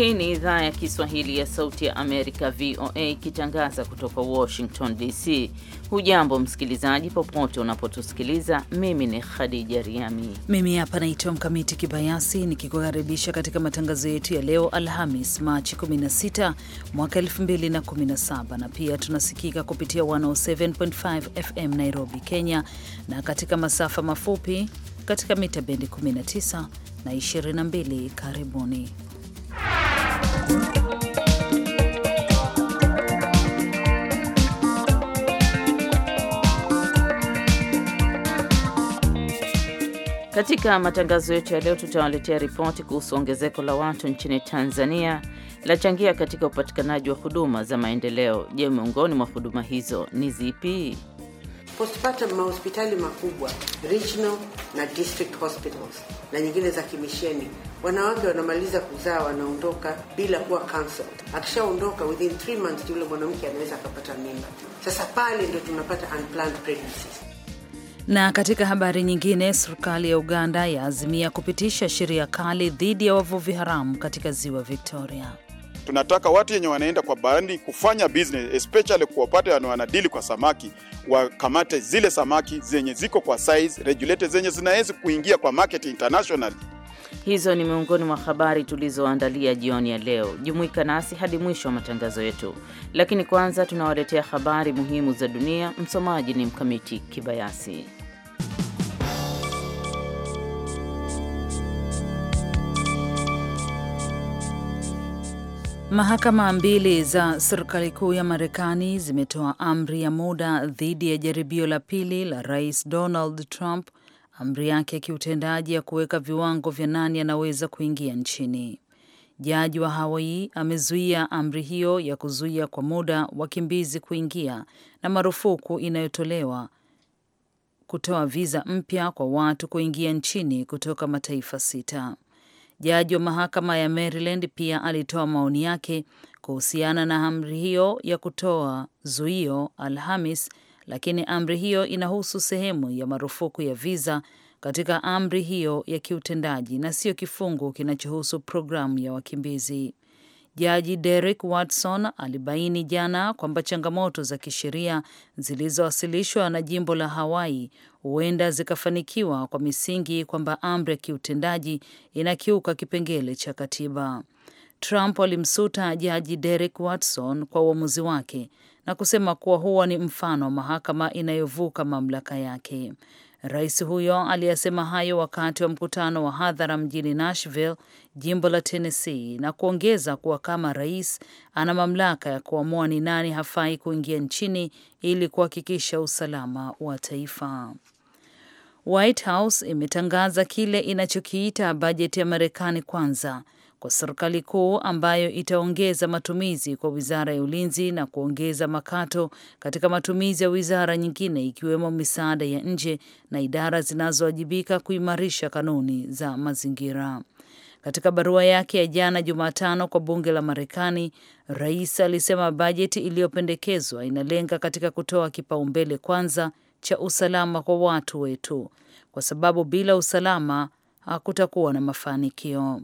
Hii ni idhaa ya Kiswahili ya Sauti ya Amerika, VOA, ikitangaza kutoka Washington DC. Hujambo msikilizaji, popote unapotusikiliza. Mimi ni Khadija Riami, mimi hapa naitwa Mkamiti Kibayasi, nikikukaribisha katika matangazo yetu ya leo Alhamis, Machi 16 mwaka 2017, na pia tunasikika kupitia 107.5 FM Nairobi, Kenya, na katika masafa mafupi katika mita bendi 19 na 22. Karibuni. Katika matangazo yetu ya leo tutawaletea ripoti kuhusu ongezeko la watu nchini Tanzania lachangia katika upatikanaji wa huduma za maendeleo. Je, miongoni mwa huduma hizo ni zipi? Postupata mahospitali makubwa regional na district hospitals na nyingine za kimisheni, wanawake wanamaliza kuzaa wanaondoka bila kuwa counseled. Akishaondoka within 3 months yule mwanamke anaweza akapata mimba. Sasa pale ndio tunapata unplanned pregnancies. Na katika habari nyingine, serikali ya Uganda yaazimia kupitisha sheria kali dhidi ya wavuvi haramu katika ziwa Victoria. Tunataka watu wenye wanaenda kwa bandi kufanya business especially kuwapata wanadili kwa samaki, wakamate zile samaki zenye ziko kwa size regulated zenye zinaweza kuingia kwa market international. Hizo ni miongoni mwa habari tulizoandalia jioni ya leo. Jumuika nasi hadi mwisho wa matangazo yetu, lakini kwanza tunawaletea habari muhimu za dunia. Msomaji ni Mkamiti Kibayasi. Mahakama mbili za serikali kuu ya Marekani zimetoa amri ya muda dhidi ya jaribio la pili la Rais Donald Trump, amri yake ya kiutendaji ya kuweka viwango vya nani anaweza kuingia nchini. Jaji wa Hawaii amezuia amri hiyo ya kuzuia kwa muda wakimbizi kuingia na marufuku inayotolewa kutoa viza mpya kwa watu kuingia nchini kutoka mataifa sita. Jaji wa mahakama ya Maryland pia alitoa maoni yake kuhusiana na amri hiyo ya kutoa zuio Alhamis, lakini amri hiyo inahusu sehemu ya marufuku ya visa katika amri hiyo ya kiutendaji na sio kifungu kinachohusu programu ya wakimbizi. Jaji Derrick Watson alibaini jana kwamba changamoto za kisheria zilizowasilishwa na jimbo la Hawaii huenda zikafanikiwa kwa misingi kwamba amri ya kiutendaji inakiuka kipengele cha katiba. Trump alimsuta jaji Derrick Watson kwa uamuzi wake na kusema kuwa huo ni mfano wa mahakama inayovuka mamlaka yake. Rais huyo aliyasema hayo wakati wa mkutano wa hadhara mjini Nashville, jimbo la Tennessee, na kuongeza kuwa kama rais ana mamlaka ya kuamua ni nani hafai kuingia nchini ili kuhakikisha usalama wa taifa. White House imetangaza kile inachokiita bajeti ya Marekani kwanza kwa serikali kuu ambayo itaongeza matumizi kwa wizara ya ulinzi na kuongeza makato katika matumizi ya wizara nyingine ikiwemo misaada ya nje na idara zinazowajibika kuimarisha kanuni za mazingira. Katika barua yake ya jana Jumatano kwa bunge la Marekani, rais alisema bajeti iliyopendekezwa inalenga katika kutoa kipaumbele kwanza cha usalama kwa watu wetu, kwa sababu bila usalama hakutakuwa na mafanikio.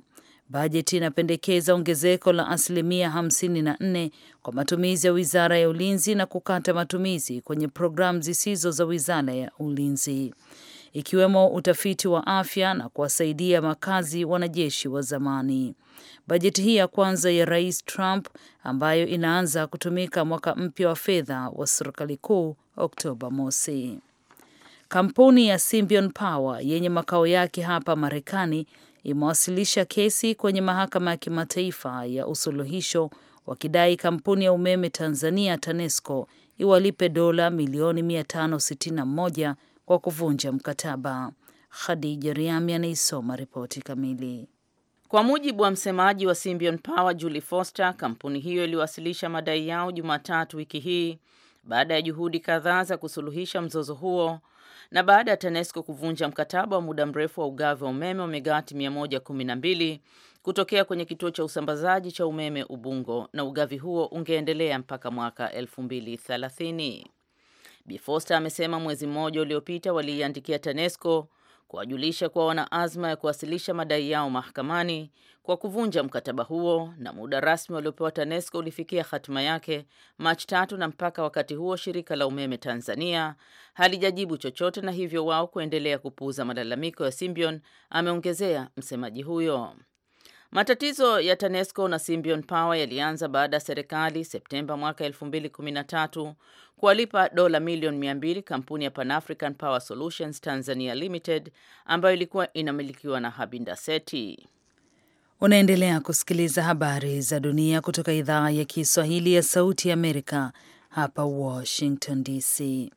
Bajeti inapendekeza ongezeko la asilimia 54 kwa matumizi ya wizara ya ulinzi na kukata matumizi kwenye programu zisizo za wizara ya ulinzi ikiwemo utafiti wa afya na kuwasaidia makazi wanajeshi wa zamani. Bajeti hii ya kwanza ya Rais Trump ambayo inaanza kutumika mwaka mpya wa fedha wa serikali kuu Oktoba mosi. Kampuni ya Symbion Power yenye makao yake hapa Marekani imewasilisha kesi kwenye mahakama ya kimataifa ya usuluhisho wakidai kampuni ya umeme Tanzania TANESCO iwalipe dola milioni 561 kwa kuvunja mkataba. Khadija Riami anaisoma ripoti kamili. Kwa mujibu wa msemaji wa Symbion Power Julie Foster, kampuni hiyo iliwasilisha madai yao Jumatatu wiki hii baada ya juhudi kadhaa za kusuluhisha mzozo huo na baada ya TANESCO kuvunja mkataba wa muda mrefu wa ugavi wa umeme wa megawati 112 kutokea kwenye kituo cha usambazaji cha umeme Ubungo, na ugavi huo ungeendelea mpaka mwaka 2030. Bi Foster amesema mwezi mmoja uliopita waliiandikia TANESCO kuwajulisha kuwa wana azma ya kuwasilisha madai yao mahakamani kwa kuvunja mkataba huo, na muda rasmi waliopewa TANESCO ulifikia hatima yake Machi tatu, na mpaka wakati huo shirika la umeme Tanzania halijajibu chochote, na hivyo wao kuendelea kupuuza malalamiko ya Symbion, ameongezea msemaji huyo. Matatizo ya TANESCO na Symbion Power yalianza baada ya serikali Septemba mwaka 2013 kuwalipa dola milioni 200 kampuni ya Pan African Power Solutions Tanzania Limited ambayo ilikuwa inamilikiwa na Habinda Seti. Unaendelea kusikiliza habari za dunia kutoka idhaa ya Kiswahili ya Sauti ya Amerika hapa Washington DC.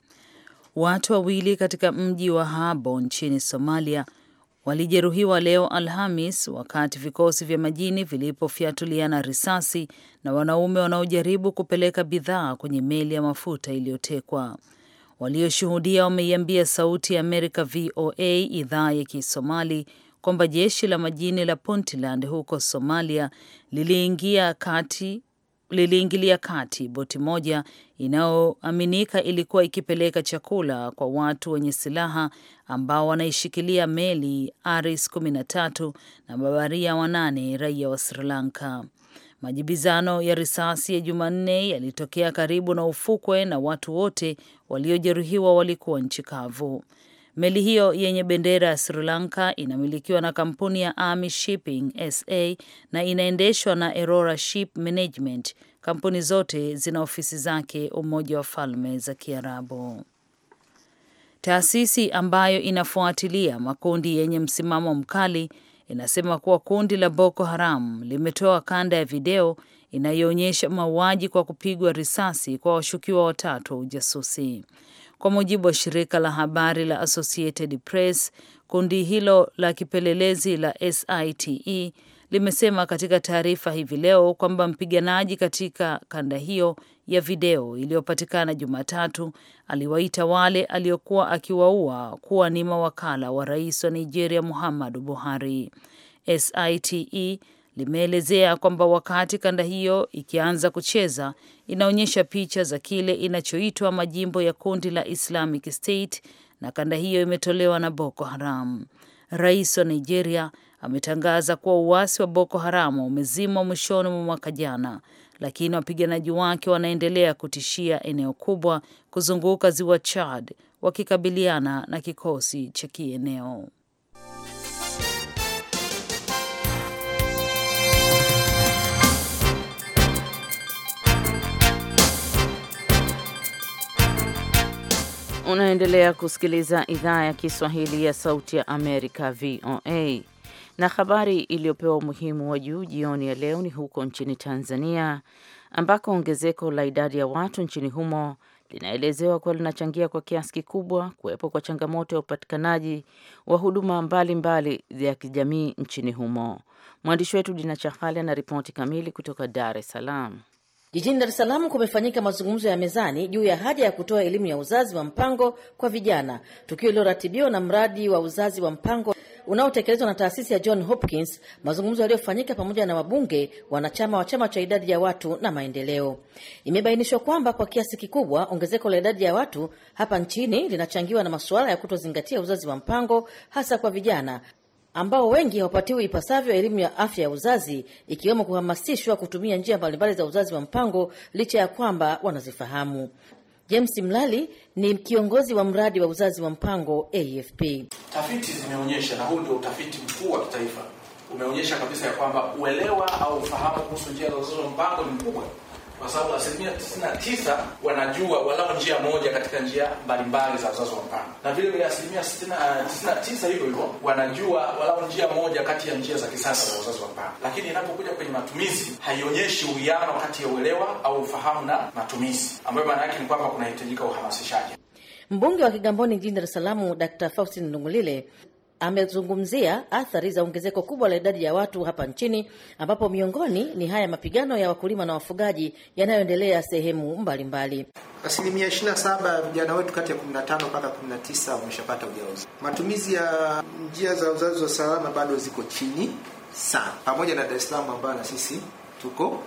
Watu wawili katika mji wa Habo nchini Somalia walijeruhiwa leo Alhamis wakati vikosi vya majini vilipofyatuliana risasi na wanaume wanaojaribu kupeleka bidhaa kwenye meli ya mafuta iliyotekwa. Walioshuhudia wameiambia Sauti ya Amerika VOA idhaa ya Kisomali kwamba jeshi la majini la Puntland huko Somalia liliingia kati liliingilia kati boti moja inayoaminika ilikuwa ikipeleka chakula kwa watu wenye silaha ambao wanaishikilia meli Aris 13 na mabaharia wanane raia wa Sri Lanka. Majibizano ya risasi ya Jumanne yalitokea karibu na ufukwe na watu wote waliojeruhiwa walikuwa nchi kavu. Meli hiyo yenye bendera ya Sri Lanka inamilikiwa na kampuni ya Army Shipping SA na inaendeshwa na Erora Ship Management. Kampuni zote zina ofisi zake Umoja wa Falme za Kiarabu. Taasisi ambayo inafuatilia makundi yenye msimamo mkali inasema kuwa kundi la Boko Haram limetoa kanda ya video inayoonyesha mauaji kwa kupigwa risasi kwa washukiwa watatu wa ujasusi. Kwa mujibu wa shirika la habari la Associated Press, kundi hilo la kipelelezi la SITE limesema katika taarifa hivi leo kwamba mpiganaji katika kanda hiyo ya video iliyopatikana Jumatatu aliwaita wale aliokuwa akiwaua kuwa ni mawakala wa rais wa Nigeria Muhammadu Buhari. SITE limeelezea kwamba wakati kanda hiyo ikianza kucheza inaonyesha picha za kile inachoitwa majimbo ya kundi la Islamic State na kanda hiyo imetolewa na Boko Haram. Rais wa Nigeria ametangaza kuwa uasi wa Boko Haram umezimwa mwishoni mwa mwaka jana, lakini wapiganaji wake wanaendelea kutishia eneo kubwa kuzunguka ziwa Chad wakikabiliana na kikosi cha kieneo. Unaendelea kusikiliza idhaa ya Kiswahili ya Sauti ya Amerika, VOA. Na habari iliyopewa umuhimu wa juu jioni ya leo ni huko nchini Tanzania, ambako ongezeko la idadi ya watu nchini humo linaelezewa kuwa linachangia kwa kiasi kikubwa kuwepo kwa changamoto ya upatikanaji wa huduma mbalimbali za kijamii nchini humo. Mwandishi wetu Dina Chahali ana ripoti kamili kutoka Dar es Salaam. Jijini Dar es Salaam kumefanyika mazungumzo ya mezani juu ya haja ya kutoa elimu ya uzazi wa mpango kwa vijana, tukio iliyoratibiwa na mradi wa uzazi wa mpango unaotekelezwa na taasisi ya John Hopkins, mazungumzo yaliyofanyika pamoja na wabunge wanachama wa chama cha idadi ya watu na maendeleo. Imebainishwa kwamba kwa kiasi kikubwa ongezeko la idadi ya watu hapa nchini linachangiwa na masuala ya kutozingatia uzazi wa mpango hasa kwa vijana, ambao wengi hawapatiwi ipasavyo elimu ya afya ya uzazi ikiwemo kuhamasishwa kutumia njia mbalimbali za uzazi wa mpango licha ya kwamba wanazifahamu. James Mlali ni kiongozi wa mradi wa uzazi wa mpango AFP. Tafiti zimeonyesha na huu ndio utafiti mkuu wa kitaifa umeonyesha kabisa ya kwamba uelewa au ufahamu kuhusu njia za uzazi wa mpango ni mkubwa kwa sababu asilimia 99 wanajua walao njia moja katika njia mbalimbali za uzazi wa mpango, na vile vile asilimia 99 eh, hivyo hivyo wanajua walao njia moja kati ya njia za kisasa za uzazi wa mpango, lakini inapokuja kwenye matumizi haionyeshi uwiano kati ya uelewa au ufahamu na matumizi, ambayo maana yake ni kwamba kunahitajika uhamasishaji. Mbunge wa Kigamboni jijini Dar es Salaam Dkt. Faustin Ndungulile amezungumzia athari za ongezeko kubwa la idadi ya watu hapa nchini ambapo miongoni ni haya mapigano ya wakulima na wafugaji yanayoendelea sehemu mbalimbali. Asilimia saba ya vijana wetu kati ya 15 mpaka tisa wameshapata ujauzito. Matumizi ya njia za uzazi wa salama bado ziko chini sana, pamoja na Dar es Salaam ambayo na sisi tuko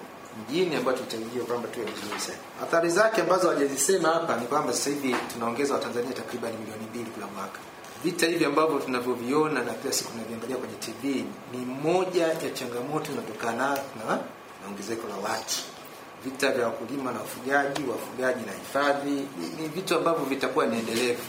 mjini ambayo tutaingia kwamba tuwe vizuri sana. Athari zake ambazo hawajazisema hapa ni kwamba sasa hivi tunaongeza Watanzania takriban milioni mbili kila mwaka vita hivi ambavyo tunavyoviona na kila siku tunavyoangalia kwenye TV ni moja ya changamoto inatokana na ongezeko la watu. Vita vya wakulima na wafugaji, wafugaji na hifadhi, ni, vitu ambavyo vitakuwa niendelevu.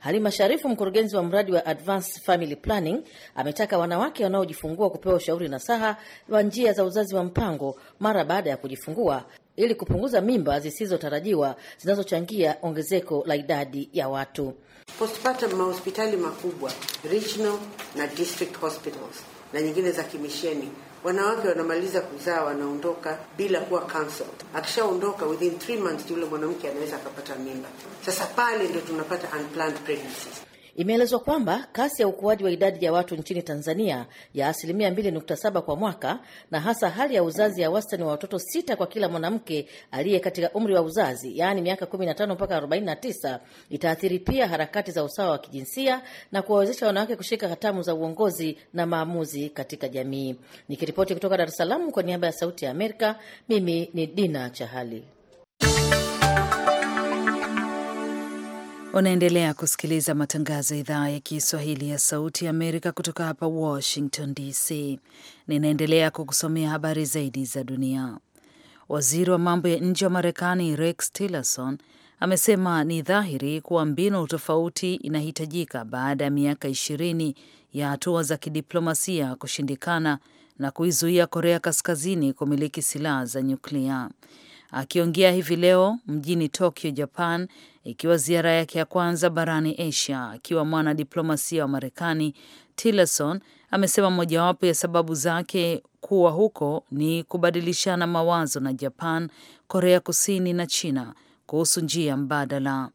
Halima Sharifu, mkurugenzi wa mradi wa Advanced Family Planning, ametaka wanawake wanaojifungua kupewa ushauri na saha wa njia za uzazi wa mpango mara baada ya kujifungua ili kupunguza mimba zisizotarajiwa zinazochangia ongezeko la idadi ya watu. Postpartum mahospitali makubwa regional na district hospitals na nyingine za kimisheni, wanawake wanamaliza kuzaa wanaondoka bila kuwa counseled. Akishaondoka within 3 months yule mwanamke anaweza akapata mimba. Sasa pale ndio tunapata unplanned pregnancies. Imeelezwa kwamba kasi ya ukuaji wa idadi ya watu nchini Tanzania ya asilimia 2.7 kwa mwaka na hasa hali ya uzazi ya wastani wa watoto sita kwa kila mwanamke aliye katika umri wa uzazi, yaani miaka 15 mpaka 49, itaathiri pia harakati za usawa wa kijinsia na kuwawezesha wanawake kushika hatamu za uongozi na maamuzi katika jamii. Nikiripoti kutoka Dar es Salaam kwa niaba ya Sauti ya Amerika, mimi ni Dina Chahali. Unaendelea kusikiliza matangazo ya idhaa ya Kiswahili ya Sauti ya Amerika kutoka hapa Washington DC. Ninaendelea kukusomea habari zaidi za dunia. Waziri wa mambo ya nje wa Marekani Rex Tillerson amesema ni dhahiri kuwa mbinu tofauti inahitajika baada ya miaka ishirini ya hatua za kidiplomasia kushindikana na kuizuia Korea Kaskazini kumiliki silaha za nyuklia. Akiongea hivi leo mjini Tokyo, Japan, ikiwa ziara yake ya kwanza barani Asia akiwa mwana diplomasia wa Marekani. Tillerson amesema mojawapo ya sababu zake kuwa huko ni kubadilishana mawazo na Japan, Korea Kusini na China kuhusu njia mbadala.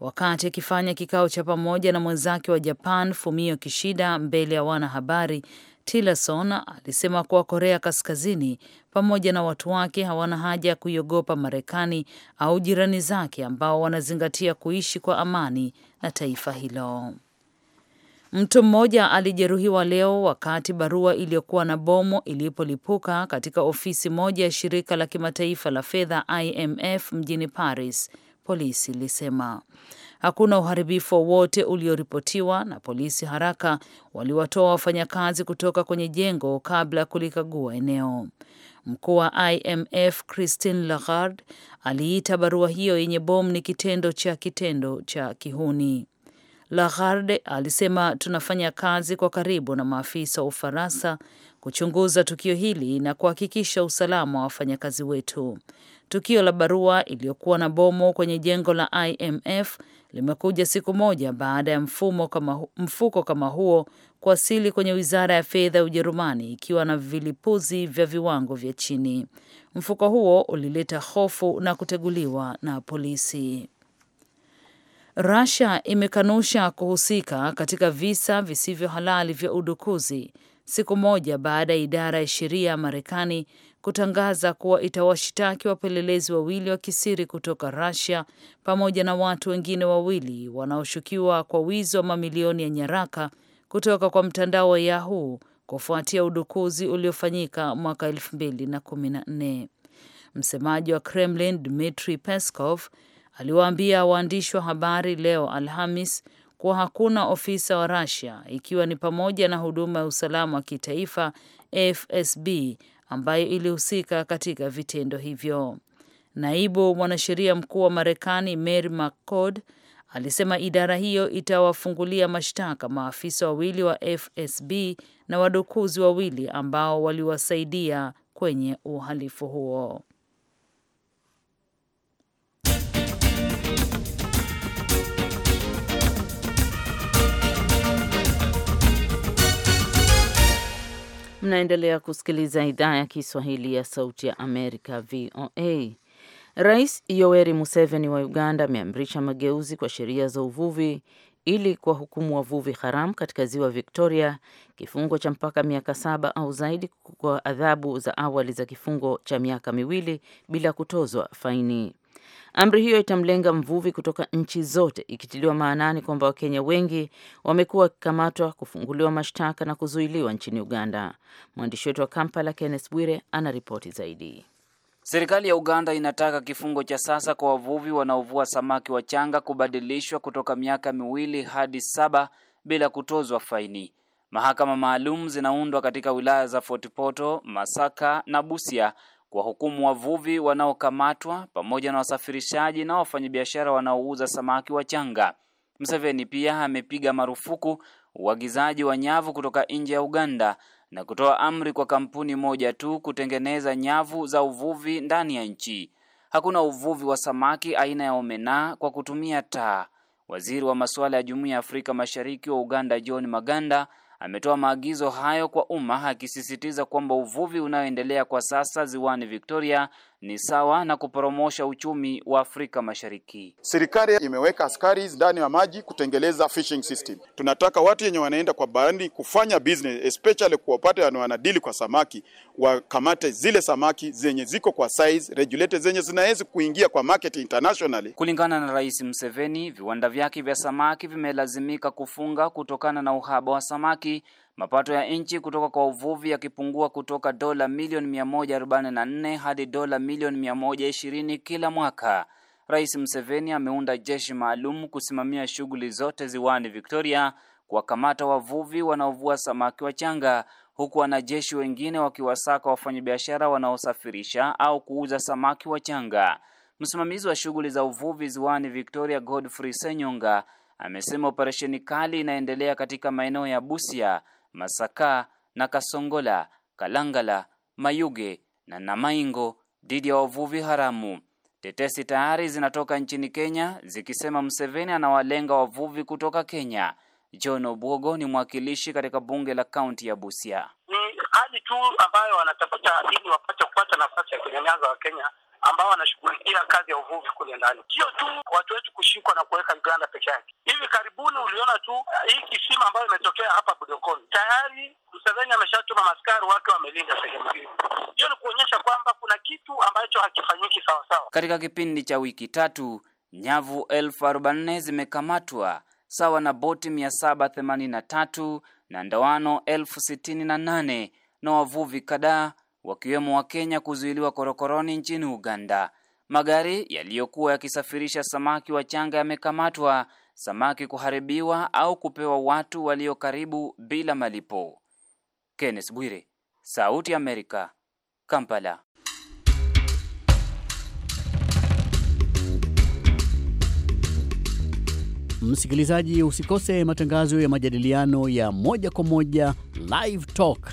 Wakati akifanya kikao cha pamoja na mwenzake wa Japan Fumio Kishida mbele ya wanahabari, Tillerson alisema kuwa Korea Kaskazini pamoja na watu wake hawana haja ya kuiogopa Marekani au jirani zake ambao wanazingatia kuishi kwa amani na taifa hilo. Mtu mmoja alijeruhiwa leo wakati barua iliyokuwa na bomu ilipolipuka katika ofisi moja ya shirika la kimataifa la fedha IMF mjini Paris, polisi ilisema. Hakuna uharibifu wowote ulioripotiwa, na polisi haraka waliwatoa wafanyakazi kutoka kwenye jengo kabla ya kulikagua eneo. Mkuu wa IMF Christine Lagarde aliita barua hiyo yenye bomu ni kitendo cha kitendo cha kihuni. Lagarde alisema, tunafanya kazi kwa karibu na maafisa wa Ufaransa kuchunguza tukio hili na kuhakikisha usalama wa wafanyakazi wetu. Tukio la barua iliyokuwa na bomu kwenye jengo la IMF limekuja siku moja baada ya mfumo kama, mfuko kama huo kuwasili kwenye wizara ya fedha ya Ujerumani ikiwa na vilipuzi vya viwango vya chini. Mfuko huo ulileta hofu na kuteguliwa na polisi. Russia imekanusha kuhusika katika visa visivyo halali vya udukuzi siku moja baada ya idara ya sheria ya Marekani kutangaza kuwa itawashitaki wapelelezi wawili wa kisiri kutoka Russia pamoja na watu wengine wawili wanaoshukiwa kwa wizi wa mamilioni ya nyaraka kutoka kwa mtandao wa Yahoo kufuatia udukuzi uliofanyika mwaka 2014. Msemaji wa Kremlin dmitri Peskov aliwaambia waandishi wa habari leo Alhamis kuwa hakuna ofisa wa Russia ikiwa ni pamoja na huduma ya usalama wa kitaifa FSB ambayo ilihusika katika vitendo hivyo. Naibu mwanasheria mkuu wa Marekani Mary McCord alisema idara hiyo itawafungulia mashtaka maafisa wawili wa FSB na wadukuzi wawili ambao waliwasaidia kwenye uhalifu huo. Mnaendelea kusikiliza idhaa ya Kiswahili ya Sauti ya Amerika, VOA. Rais Yoweri Museveni wa Uganda ameamrisha mageuzi kwa sheria za uvuvi ili kwa wa wavuvi haramu katika ziwa Victoria kifungo cha mpaka miaka saba au zaidi kwa adhabu za awali za kifungo cha miaka miwili bila kutozwa faini. Amri hiyo itamlenga mvuvi kutoka nchi zote, ikitiliwa maanani kwamba Wakenya wengi wamekuwa wakikamatwa, kufunguliwa mashtaka na kuzuiliwa nchini Uganda. Mwandishi wetu wa Kampala, Kenneth Bwire, anaripoti zaidi. Serikali ya Uganda inataka kifungo cha sasa kwa wavuvi wanaovua samaki wachanga kubadilishwa kutoka miaka miwili hadi saba bila kutozwa faini. Mahakama maalum zinaundwa katika wilaya za Fort Portal, Masaka na Busia kuwahukumu wavuvi wanaokamatwa pamoja na wasafirishaji na wafanyabiashara wanaouza samaki wachanga. mseveni pia amepiga marufuku uagizaji wa nyavu kutoka nje ya Uganda na kutoa amri kwa kampuni moja tu kutengeneza nyavu za uvuvi ndani ya nchi. Hakuna uvuvi wa samaki aina ya omena kwa kutumia taa. Waziri wa masuala ya Jumuiya ya Afrika Mashariki wa Uganda John Maganda ametoa maagizo hayo kwa umma akisisitiza kwamba uvuvi unaoendelea kwa sasa ziwani Victoria ni sawa na kuporomosha uchumi wa Afrika Mashariki. Serikali imeweka askari ndani ya maji kutengeleza fishing system. Tunataka watu wenye wanaenda kwa bandi kufanya business, especially kuwapata wanadili kwa samaki, wakamate zile samaki zenye ziko kwa size regulated, zenye zinaweza kuingia kwa market internationally. Kulingana na Rais Museveni, viwanda vyake vya samaki vimelazimika kufunga kutokana na uhaba wa samaki Mapato ya nchi kutoka kwa uvuvi yakipungua kutoka dola milioni 144 hadi dola milioni 120 kila mwaka. Rais Museveni ameunda jeshi maalum kusimamia shughuli zote ziwani Victoria, kuwakamata wavuvi wanaovua samaki wachanga, huku wanajeshi wengine wakiwasaka wafanyabiashara wanaosafirisha au kuuza samaki wachanga. Msimamizi wa shughuli za uvuvi ziwani Victoria, Godfrey Senyonga, amesema operesheni kali inaendelea katika maeneo ya Busia Masaka na Kasongola, Kalangala, Mayuge na Namaingo dhidi ya wavuvi haramu. Tetesi tayari zinatoka nchini Kenya zikisema Museveni anawalenga wavuvi kutoka Kenya. John Obwogo ni mwakilishi katika bunge la kaunti ya Busia. Ni hali tu ambayo wanatafuta ili wapate kupata nafasi ya kunyanyaza wa Kenya ambao wanashughulikia kazi ya uvuvi kule ndani. Sio tu watu wetu kushikwa na kuweka Uganda peke yake. Hivi karibuni uliona tu eh, hii kisima ambayo imetokea hapa Budokoni, tayari Museveni ameshatuma maskari wake wamelinda sehemu hii. Hiyo ni kuonyesha kwamba kuna kitu ambacho hakifanyiki sawasawa. Katika kipindi cha wiki tatu, nyavu elfu arobaini na nne zimekamatwa sawa na boti mia saba themanini na tatu na ndoano elfu sitini na nane na wavuvi kadhaa wakiwemo Wakenya kuzuiliwa korokoroni nchini Uganda. Magari yaliyokuwa yakisafirisha samaki wa changa yamekamatwa, samaki kuharibiwa au kupewa watu walio karibu bila malipo. Kenneth Bwire, Sauti ya Amerika, Kampala. Msikilizaji, usikose matangazo ya majadiliano ya moja kwa moja Live Talk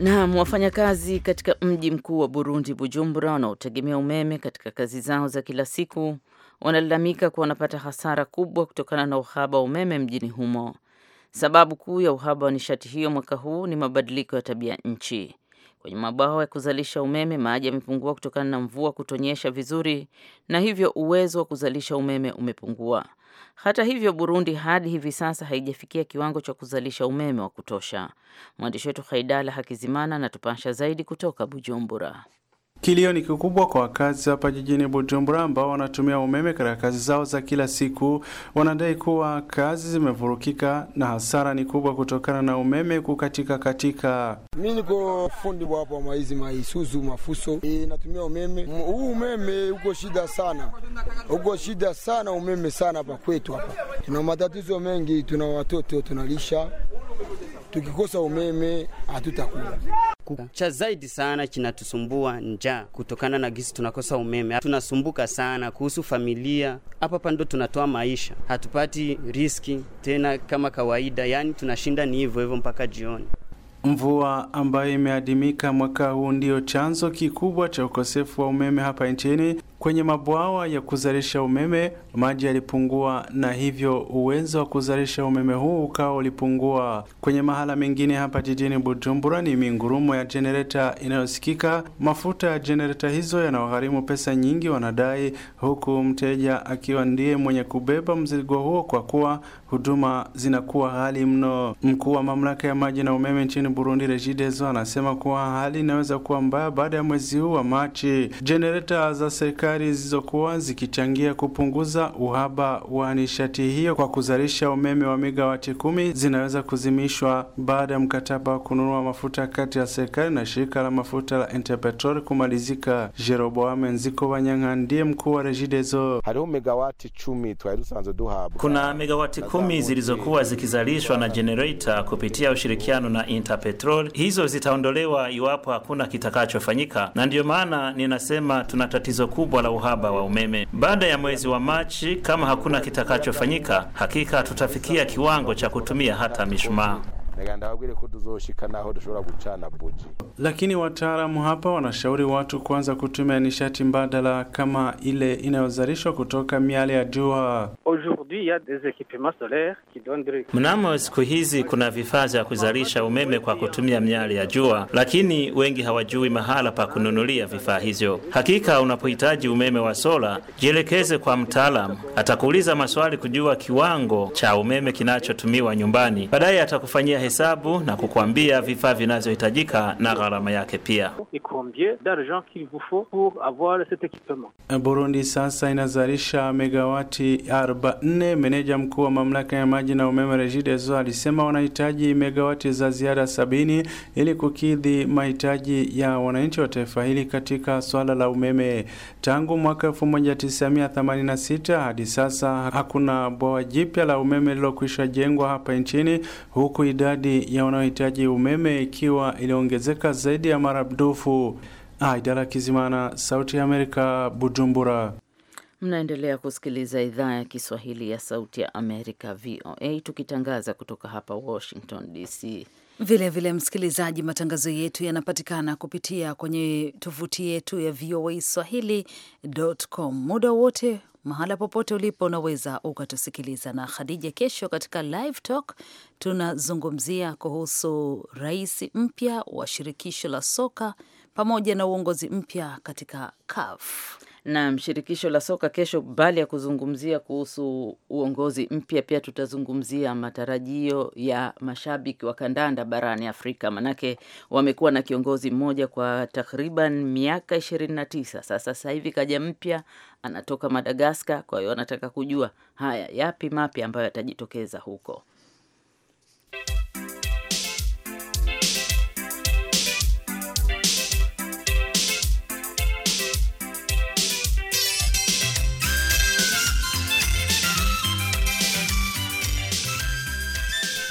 Naam, wafanyakazi katika mji mkuu wa Burundi, Bujumbura, wanaotegemea umeme katika kazi zao za kila siku wanalalamika kuwa wanapata hasara kubwa kutokana na uhaba wa umeme mjini humo. Sababu kuu ya uhaba wa nishati hiyo mwaka huu ni mabadiliko ya tabia nchi. Kwenye mabwawa ya kuzalisha umeme, maji yamepungua kutokana na mvua kutonyesha vizuri, na hivyo uwezo wa kuzalisha umeme umepungua. Hata hivyo, Burundi hadi hivi sasa haijafikia kiwango cha kuzalisha umeme wa kutosha. Mwandishi wetu Haidala Hakizimana anatupasha zaidi kutoka Bujumbura. Kilio ni kikubwa kwa wakazi hapa jijini Bujumbura ambao wanatumia umeme katika kazi zao za kila siku. Wanadai kuwa kazi zimevurukika na hasara ni kubwa kutokana na umeme kukatika katika. Mimi niko fundi hapo wa maizi maisuzu mafuso e, natumia umeme huu. Umeme uko shida sana, uko shida sana umeme sana hapa kwetu. Hapa tuna matatizo mengi, tuna watoto tunalisha Tukikosa umeme hatutakula. Cha zaidi sana kinatusumbua njaa, kutokana na gisi tunakosa umeme, tunasumbuka sana kuhusu familia hapa hapa, ndo tunatoa maisha, hatupati riski tena kama kawaida, yaani tunashinda ni hivyo hivyo mpaka jioni. Mvua ambayo imeadimika mwaka huu ndiyo chanzo kikubwa cha ukosefu wa umeme hapa nchini Kwenye mabwawa ya kuzalisha umeme maji yalipungua, na hivyo uwezo wa kuzalisha umeme huu ukawa ulipungua. Kwenye mahala mengine hapa jijini Bujumbura ni mingurumo ya jenereta inayosikika. Mafuta ya jenereta hizo yanawagharimu pesa nyingi, wanadai, huku mteja akiwa ndiye mwenye kubeba mzigo huo, kwa kuwa huduma zinakuwa ghali mno. Mkuu wa mamlaka ya maji na umeme nchini Burundi, Regideso, anasema kuwa hali inaweza kuwa mbaya baada ya mwezi huu wa Machi. Jenereta za serikali serikali zilizokuwa zikichangia kupunguza uhaba wa nishati hiyo kwa kuzalisha umeme wa megawati kumi zinaweza kuzimishwa baada ya mkataba wa kununua mafuta kati ya serikali na shirika la mafuta la Interpetrol kumalizika. Jeroboame nziko wanyanga ndiye mkuu wa Rejidezo. megawati kuna megawati kumi zilizokuwa zikizalishwa na jenereta kupitia ushirikiano na Interpetrol. Hizo zitaondolewa iwapo hakuna kitakachofanyika, na ndiyo maana ninasema tuna tatizo kubwa la uhaba wa umeme. Baada ya mwezi wa Machi, kama hakuna kitakachofanyika, hakika tutafikia kiwango cha kutumia hata mishumaa reka ndababwire ko tuzoshika hodo shura kuchana buji. Lakini wataalamu hapa wanashauri watu kuanza kutumia nishati mbadala kama ile inayozalishwa kutoka miale ya jua. Mnamo siku hizi kuna vifaa vya kuzalisha umeme kwa kutumia miale ya jua, lakini wengi hawajui mahala pa kununulia vifaa hivyo. Hakika unapohitaji umeme wa sola, jielekeze kwa mtaalamu, atakuuliza maswali kujua kiwango cha umeme kinachotumiwa nyumbani, baadaye atakufanyia kuhesabu na kukuambia vifaa vinavyohitajika na gharama yake pia. Burundi sasa inazalisha megawati 44. Meneja mkuu wa mamlaka ya maji na umeme Regideso alisema wanahitaji megawati za ziada sabini ili kukidhi mahitaji ya wananchi wa taifa hili katika swala la umeme. Tangu mwaka 1986 hadi sasa hakuna bwawa jipya la umeme lilokwisha jengwa hapa nchini, huku idadi idadi ya wanaohitaji umeme ikiwa iliongezeka zaidi ya mara dufu. Aidara ah, Kizimana, Sauti ya Amerika, Bujumbura. Mnaendelea kusikiliza idhaa ya Kiswahili ya Sauti ya Amerika, VOA, tukitangaza kutoka hapa Washington DC. Vilevile msikilizaji, matangazo yetu yanapatikana kupitia kwenye tovuti yetu ya VOA Swahili.com muda wote, mahala popote ulipo, unaweza ukatusikiliza. Na Khadija, kesho katika Live Talk tunazungumzia kuhusu rais mpya wa shirikisho la soka pamoja na uongozi mpya katika CAF. Naam, shirikisho la soka kesho. Bali ya kuzungumzia kuhusu uongozi mpya, pia tutazungumzia matarajio ya mashabiki wa kandanda barani Afrika, manake wamekuwa na kiongozi mmoja kwa takriban miaka ishirini na tisa sasa. Sasa hivi kaja mpya, anatoka Madagaskar. Kwa hiyo wanataka kujua haya yapi mapya ambayo yatajitokeza huko.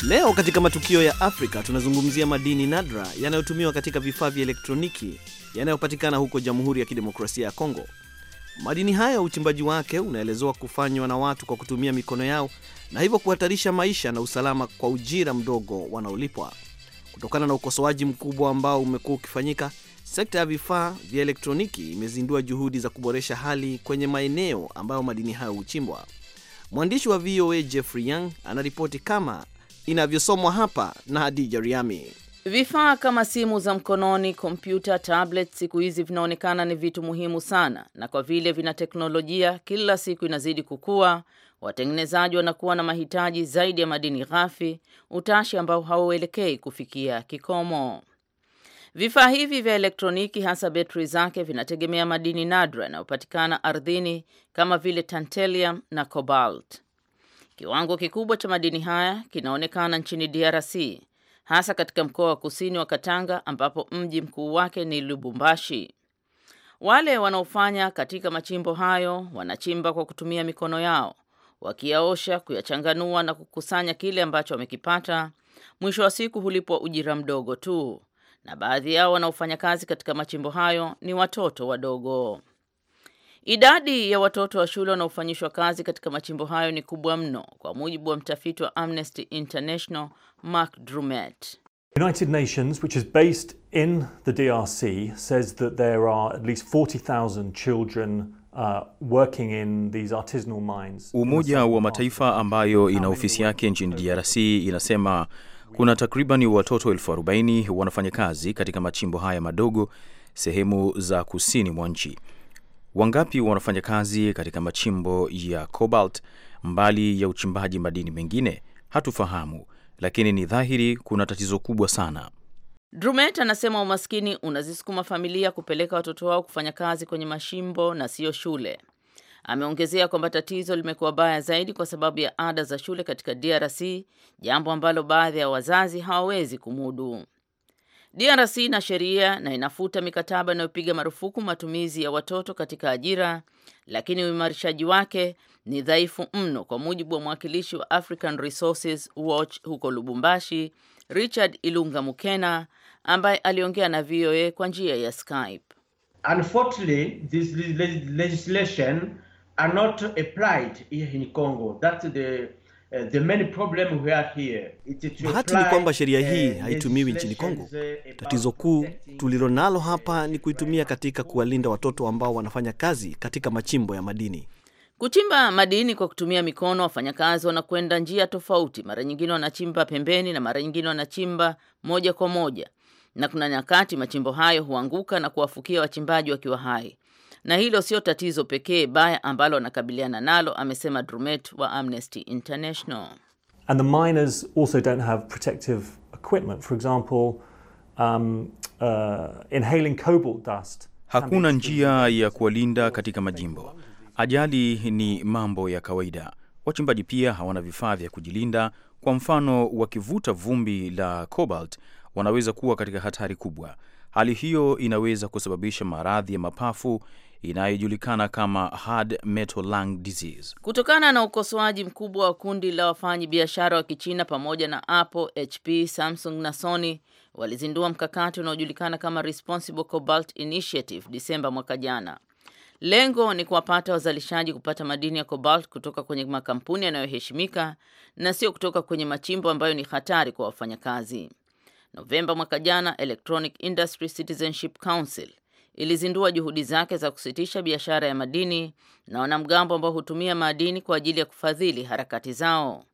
Leo katika matukio ya Afrika tunazungumzia madini nadra yanayotumiwa katika vifaa vya elektroniki yanayopatikana huko Jamhuri ya Kidemokrasia ya Kongo. Madini ya uchimbaji wake unaelezewa kufanywa na watu kwa kutumia mikono yao na hivyo kuhatarisha maisha na usalama kwa ujira mdogo wanaolipwa. Kutokana na ukosoaji mkubwa ambao umekuwa ukifanyika, sekta ya vifaa vya elektroniki imezindua juhudi za kuboresha hali kwenye maeneo ambayo madini hayo huchimbwa. Mwandishi wa VOA Jeffrey Young anaripoti kama inavyosomwa hapa na Hadija Riami. Vifaa kama simu za mkononi, kompyuta, tablet siku hizi vinaonekana ni vitu muhimu sana, na kwa vile vina teknolojia kila siku inazidi kukua, watengenezaji wanakuwa na mahitaji zaidi ya madini ghafi, utashi ambao hauelekei kufikia kikomo. Vifaa hivi vya elektroniki, hasa betri zake, vinategemea madini nadra yanayopatikana ardhini kama vile tantalum na cobalt. Kiwango kikubwa cha madini haya kinaonekana nchini DRC hasa katika mkoa wa kusini wa Katanga ambapo mji mkuu wake ni Lubumbashi. Wale wanaofanya katika machimbo hayo wanachimba kwa kutumia mikono yao, wakiyaosha, kuyachanganua na kukusanya kile ambacho wamekipata. Mwisho wa siku hulipwa ujira mdogo tu, na baadhi yao wanaofanya kazi katika machimbo hayo ni watoto wadogo. Idadi ya watoto wa shule wanaofanyishwa kazi katika machimbo hayo ni kubwa mno, kwa mujibu wa mtafiti wa Amnesty International Mark drumet United Nations which is based in the DRC says that there are at least 40,000 children Uh, working in these artisanal mines. Umoja wa Mataifa ambayo ina ofisi yake nchini DRC inasema kuna takribani watoto elfu arobaini wanafanya kazi katika machimbo haya madogo sehemu za kusini mwa nchi. Wangapi wanafanya kazi katika machimbo ya cobalt? Mbali ya uchimbaji madini mengine hatufahamu, lakini ni dhahiri kuna tatizo kubwa sana. Drumet anasema umaskini unazisukuma familia kupeleka watoto wao kufanya kazi kwenye mashimbo na siyo shule. Ameongezea kwamba tatizo limekuwa baya zaidi kwa sababu ya ada za shule katika DRC, jambo ambalo baadhi ya wazazi hawawezi kumudu. DRC ina sheria na inafuta mikataba inayopiga marufuku matumizi ya watoto katika ajira, lakini uimarishaji wake ni dhaifu mno, kwa mujibu wa mwakilishi wa African Resources Watch huko Lubumbashi, Richard Ilunga Mukena, ambaye aliongea na VOA kwa njia ya Skype. Unfortunately, this legislation are not applied in Congo. That's the Uh, Bahati ni kwamba sheria hii haitumiwi nchini Kongo. Tatizo kuu tulilo nalo hapa ni kuitumia katika kuwalinda watoto ambao wanafanya kazi katika machimbo ya madini. Kuchimba madini kwa kutumia mikono, wafanyakazi wanakwenda njia tofauti. Mara nyingine wanachimba pembeni na mara nyingine wanachimba moja kwa moja, na kuna nyakati machimbo hayo huanguka na kuwafukia wachimbaji wakiwa hai na hilo sio tatizo pekee baya ambalo anakabiliana nalo, amesema Drumet wa Amnesty International. And the miners also don't have protective equipment. For example, um, uh, inhaling cobalt dust. Hakuna njia ya kuwalinda katika majimbo. Ajali ni mambo ya kawaida. Wachimbaji pia hawana vifaa vya kujilinda. Kwa mfano, wakivuta vumbi la cobalt, wanaweza kuwa katika hatari kubwa. Hali hiyo inaweza kusababisha maradhi ya mapafu inayojulikana kama hard metal lung disease. Kutokana na ukosoaji mkubwa wa kundi la wafanyi biashara wa Kichina pamoja na Apple, HP, Samsung na Sony walizindua mkakati unaojulikana kama Responsible Cobalt Initiative Disemba mwaka jana. Lengo ni kuwapata wazalishaji kupata madini ya cobalt kutoka kwenye makampuni yanayoheshimika na sio kutoka kwenye machimbo ambayo ni hatari kwa wafanyakazi. Novemba mwaka jana, Electronic Industry Citizenship Council ilizindua juhudi zake za kusitisha biashara ya madini na wanamgambo ambao hutumia madini kwa ajili ya kufadhili harakati zao.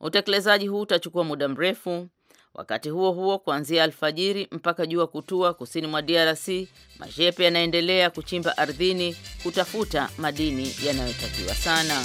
Utekelezaji huu utachukua muda mrefu. Wakati huo huo, kuanzia alfajiri mpaka jua kutua kusini mwa DRC, mashepe yanaendelea kuchimba ardhini kutafuta madini yanayotakiwa sana.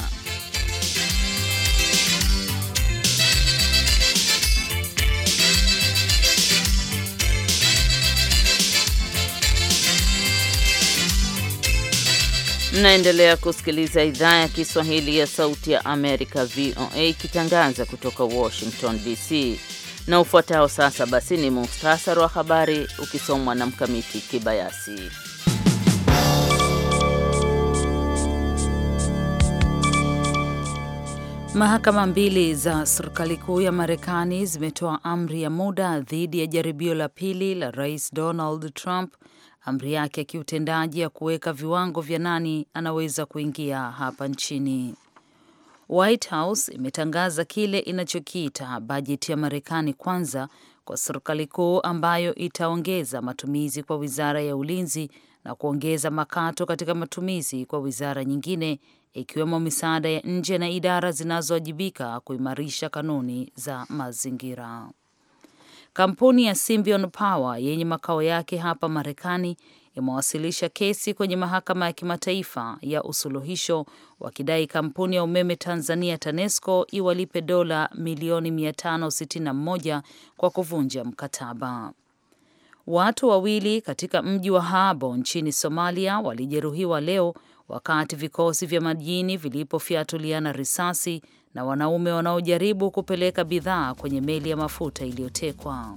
Mnaendelea kusikiliza idhaa ya Kiswahili ya Sauti ya Amerika, VOA, ikitangaza kutoka Washington DC. Na ufuatao sasa basi ni muhtasari wa habari ukisomwa na Mkamiti Kibayasi. Mahakama mbili za serikali kuu ya Marekani zimetoa amri ya muda dhidi ya jaribio la pili la Rais Donald Trump amri yake ya kiutendaji ya kuweka viwango vya nani anaweza kuingia hapa nchini. White House imetangaza kile inachokiita bajeti ya Marekani kwanza kwa serikali kuu ambayo itaongeza matumizi kwa wizara ya ulinzi na kuongeza makato katika matumizi kwa wizara nyingine ikiwemo misaada ya nje na idara zinazowajibika kuimarisha kanuni za mazingira. Kampuni ya Symbion Power yenye makao yake hapa Marekani imewasilisha kesi kwenye mahakama ya kimataifa ya usuluhisho wakidai kampuni ya umeme Tanzania TANESCO iwalipe dola milioni 561 kwa kuvunja mkataba. Watu wawili katika mji wa Habo nchini Somalia walijeruhiwa leo wakati vikosi vya majini vilipofyatuliana risasi na wanaume wanaojaribu kupeleka bidhaa kwenye meli ya mafuta iliyotekwa.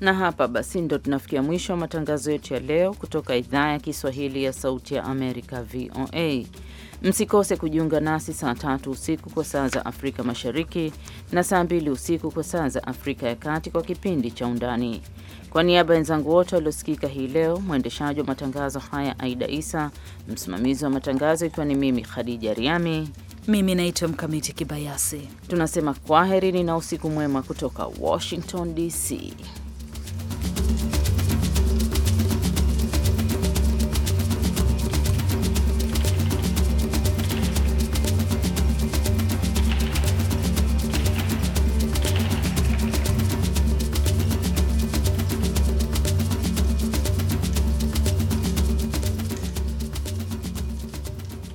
Na hapa basi ndo tunafikia mwisho wa matangazo yetu ya leo kutoka idhaa ya Kiswahili ya Sauti ya Amerika, VOA. Msikose kujiunga nasi saa tatu usiku kwa saa za Afrika Mashariki na saa mbili usiku kwa saa za Afrika ya Kati kwa kipindi cha Undani. Kwa niaba ya wenzangu wote waliosikika hii leo, mwendeshaji wa matangazo haya Aida Isa, msimamizi wa matangazo ikiwa ni mimi Khadija Riami. Mimi naitwa Mkamiti Kibayasi. Tunasema kwaheri na usiku mwema kutoka Washington DC.